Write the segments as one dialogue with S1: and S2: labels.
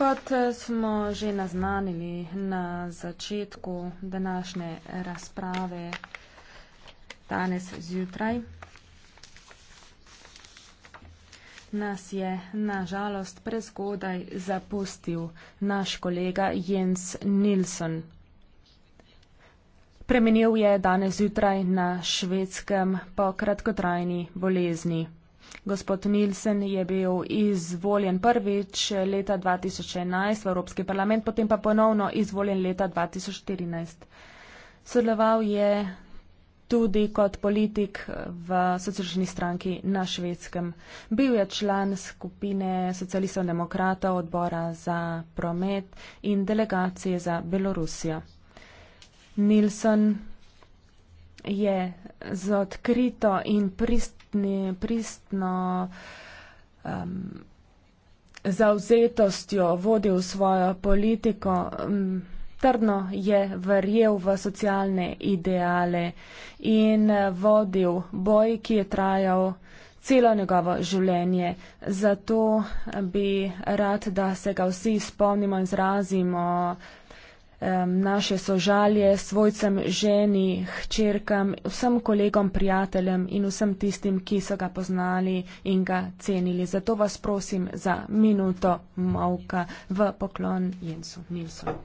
S1: Kot eh, smo že naznanili na začetku današnje razprave danes zjutraj, nas je nažalost prezgodaj zapustil naš kolega Jens Nilsson. Premenil je danes zjutraj na švedskem po kratkotrajni bolezni. Gospod Nilsen je bil izvoljen prvič leta 2011 v Evropski parlament, potem pa ponovno izvoljen leta 2014. Sodeloval je tudi kot politik v socialistični stranki na švedskem. Bil je član skupine socialistov demokratov odbora za promet in delegacije za Belorusijo. Nilsen je z odkrito in pristojno pristni, pristno um, zauzetostjo vodil svojo politiko. Um, trdno je verjel v socialne ideale in eh, vodil boj, ki je trajal celo njegovo življenje. Zato bi rad, da se ga vsi spomnimo in zrazimo naše sožalje svojcem, ženi, hčerkam, vsem kolegom, prijateljem in vsem tistim, ki so ga poznali in ga cenili. Zato vas prosim za minuto mavka v poklon Jensu Nilsonu.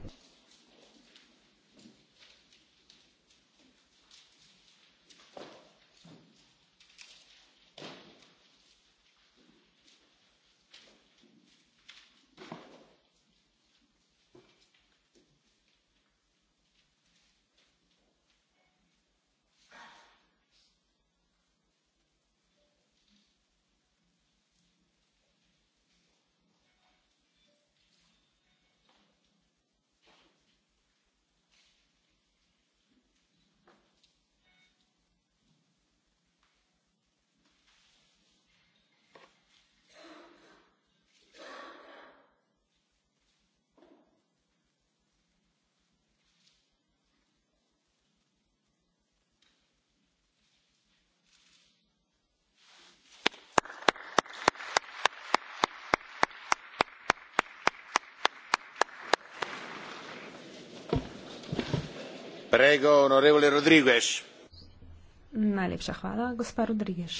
S1: najlepša hvala gospa rodriguez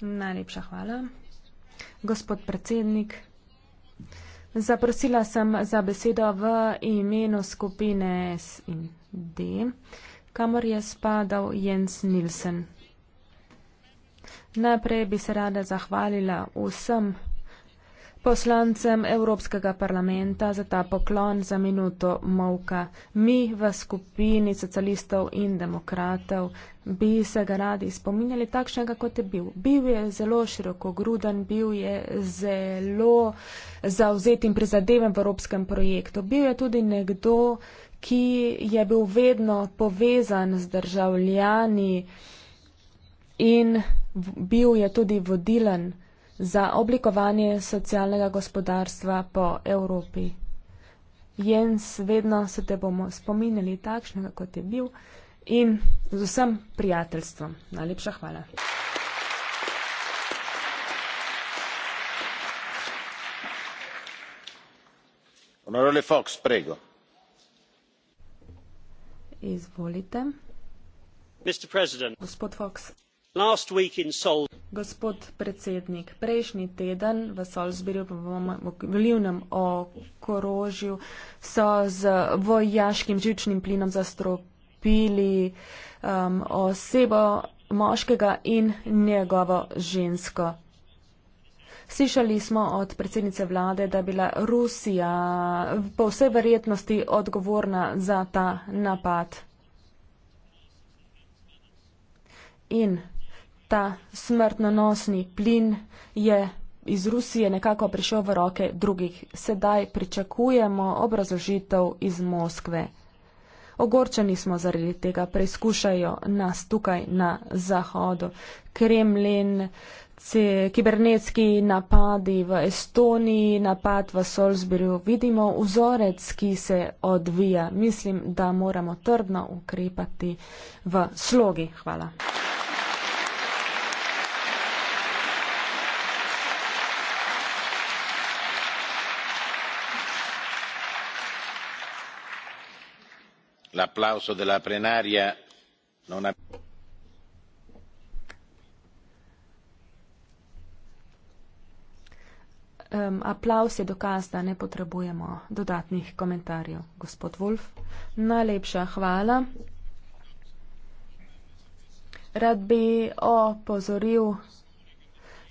S1: najlepša hvala gospod predsednik zaprosila sem za besedo v imenu skupine s in d kamor je spadal jens nilsen najprej bi se rada zahvalila vsem poslancem Evropskega parlamenta za ta poklon za minuto molka. Mi v skupini socialistov in demokratov bi se ga radi spominjali takšnega, kot je bil. Bil je zelo širokogruden, bil je zelo zauzet in prizadeven v Evropskem projektu. Bil je tudi nekdo, ki je bil vedno povezan z državljani in bil je tudi vodilen za oblikovanje socialnega gospodarstva po Evropi. Jens, vedno se te bomo spominjali takšnega, kot je bil in z vsem prijateljstvom. Najlepša hvala. Honorable Fox, prego. Izvolite. Gospod Fox. Last week in Seoul. Gospod predsednik, prejšnji teden v Salzburgu, v volivnem okrožju, so z vojaškim žičnim plinom zastropili um, osebo moškega in njegovo žensko. Slišali smo od predsednice vlade, da je bila Rusija po vsej verjetnosti odgovorna za ta napad. In ta smrtonosni plin je iz Rusije nekako prišel v roke drugih. Sedaj pričakujemo obrazložitev iz Moskve. Ogorčeni smo zaradi tega, preizkušajo nas tukaj na zahodu. Kremlin, kibernetski napadi v Estoniji, napad v Solzbirju. Vidimo vzorec, ki se odvija. Mislim, da moramo trdno ukrepati v slogi. Hvala. l'applauso della plenaria non Um, aplaus je dokaz, da ne potrebujemo dodatnih komentarjev. Gospod Wolf, najlepša hvala. Rad bi opozoril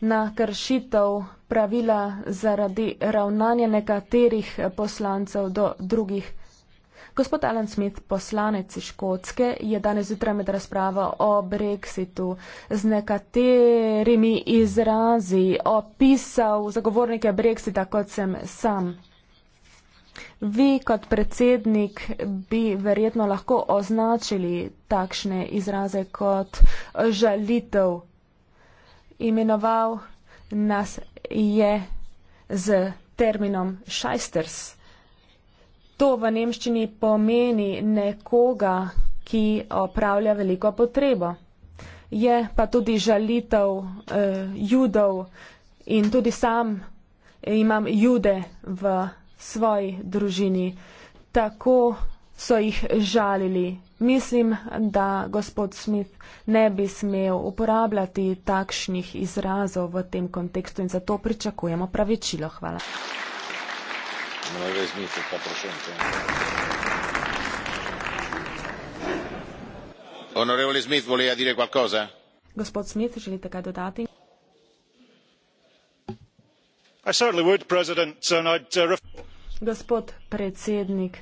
S1: na kršitev pravila zaradi ravnanja nekaterih poslancev do drugih. Gospod Alan Smith, poslanec iz Škotske, je danes zjutraj med razpravo o brexitu z nekaterimi izrazi opisal zagovornike brexita kot sem sam. Vi kot predsednik bi verjetno lahko označili takšne izraze kot žalitev. Imenoval nas je z terminom šajsters to v nemščini pomeni nekoga, ki opravlja veliko potrebo. Je pa tudi žalitev eh, judov in tudi sam imam jude v svoji družini. Tako so jih žalili. Mislim, da gospod Smith ne bi smel uporabljati takšnih izrazov v tem kontekstu in zato pričakujemo pravičilo. Hvala nove znitve pa presente. Onorevole Smith, voleva dire qualcosa? Gospod Smith, želite kaj dodati? I certainly would, President, and I'd, uh, ref- Gospod predsednik,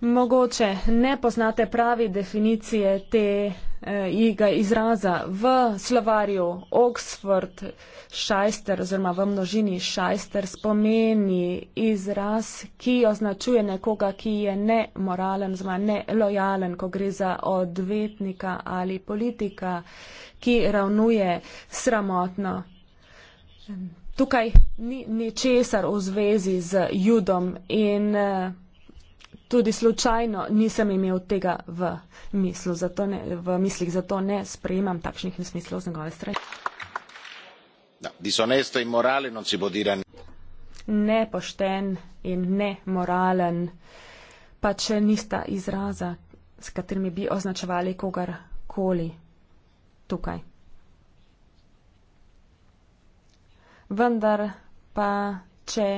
S1: mogoče ne poznate pravi definicije te tega eh, izraza v slovarju Oxford šajster oziroma v množini šajster spomeni izraz, ki označuje nekoga, ki je nemoralen, zma nelojalen, ko gre za odvetnika ali politika, ki ravnuje sramotno. Tukaj ni ničesar v zvezi z judom in uh, tudi slučajno nisem imel tega v, mislu, zato ne, v mislih, zato ne sprejemam takšnih nesmislov z njegove strani. Disonesto in morale non si podiran. Nepošten in nemoralen pa če nista izraza, s katerimi bi označevali kogar koli tukaj. Vendar pa, če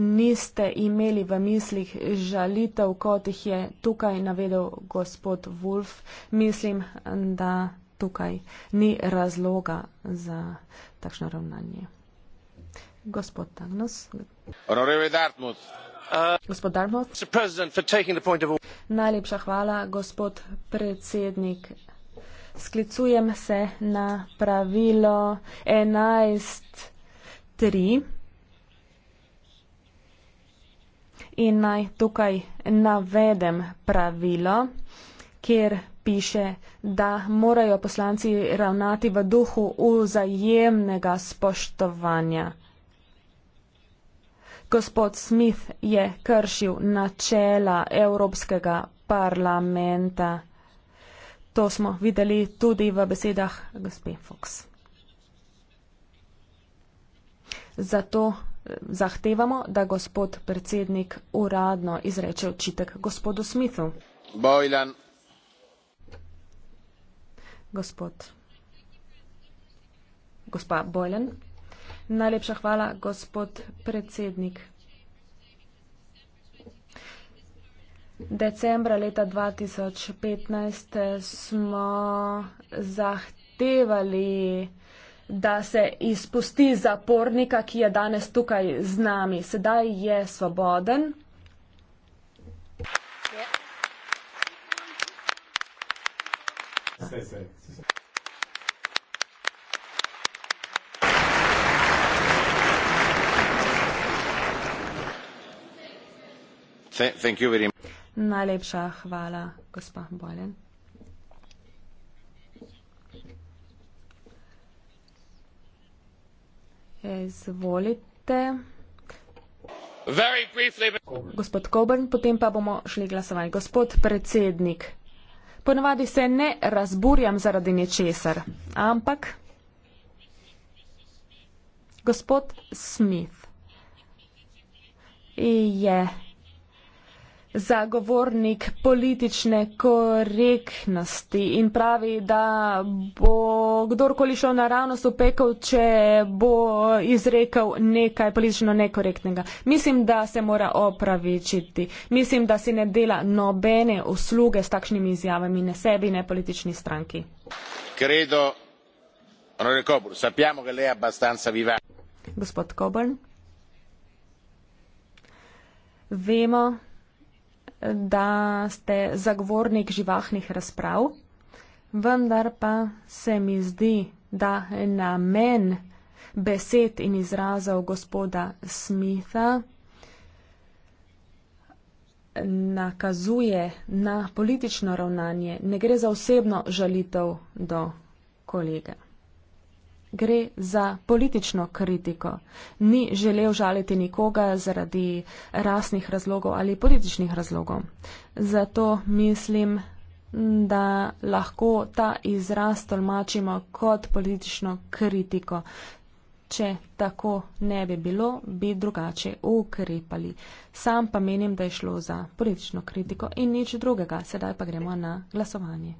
S1: niste imeli v mislih žalitev, kot jih je tukaj navedel gospod Wolf. Mislim, da tukaj ni razloga za takšno ravnanje. Gospod Tagnos. Rorevi Dartmouth. Gospod Dartmouth. Najlepša hvala, gospod predsednik. Sklicujem se na pravilo 11.3. in naj tukaj navedem pravilo, kjer piše, da morajo poslanci ravnati v duhu vzajemnega spoštovanja. Gospod Smith je kršil načela Evropskega parlamenta. To smo videli tudi v besedah gospe Fox. Zato zahtevamo, da gospod predsednik uradno izreče očitek gospodu Smithu. Bojlan. Gospod. Gospa Bojlan. Najlepša hvala, gospod predsednik. Decembra leta 2015 smo zahtevali da se izpusti zapornika, ki je danes tukaj z nami. Sedaj je svoboden. Najlepša hvala, gospa Boljen. izvolite. Briefly, but... Gospod Coburn, potem pa bomo šli glasovanje. Gospod predsednik, ponavadi se ne razburjam zaradi nečesar, ampak. Gospod Smith je. Yeah zagovornik politične korektnosti in pravi, da bo kdorkoli šel naravnost v pekel, če bo izrekel nekaj politično nekorektnega. Mislim, da se mora opravičiti. Mislim, da si ne dela nobene usluge s takšnimi izjavami ne sebi, ne politični stranki. Credo, Coburn, sappiamo, Gospod Koborn. Vemo, da ste zagovornik živahnih razprav, vendar pa se mi zdi, da namen besed in izrazov gospoda Smitha nakazuje na politično ravnanje, ne gre za osebno žalitev do kolega gre za politično kritiko. Ni želel žaliti nikoga zaradi rasnih razlogov ali političnih razlogov. Zato mislim, da lahko ta izraz tolmačimo kot politično kritiko. Če tako ne bi bilo, bi drugače ukrepali. Sam pa menim, da je šlo za politično kritiko in nič drugega. Sedaj pa gremo na glasovanje.